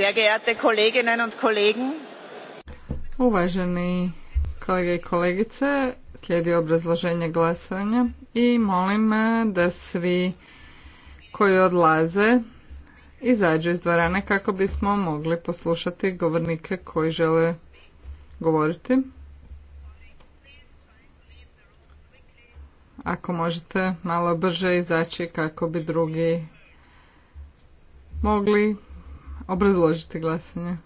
Sehr geehrte Kolleginnen und Kollegen. Uvaženi kolege i kolegice, slijedi obrazloženje glasovanja i molim eh, da svi koji odlaze izađu iz dvorane kako bismo mogli poslušati govornike koji žele govoriti. Ako možete malo brže izaći kako bi drugi mogli Obrazložite glasanje.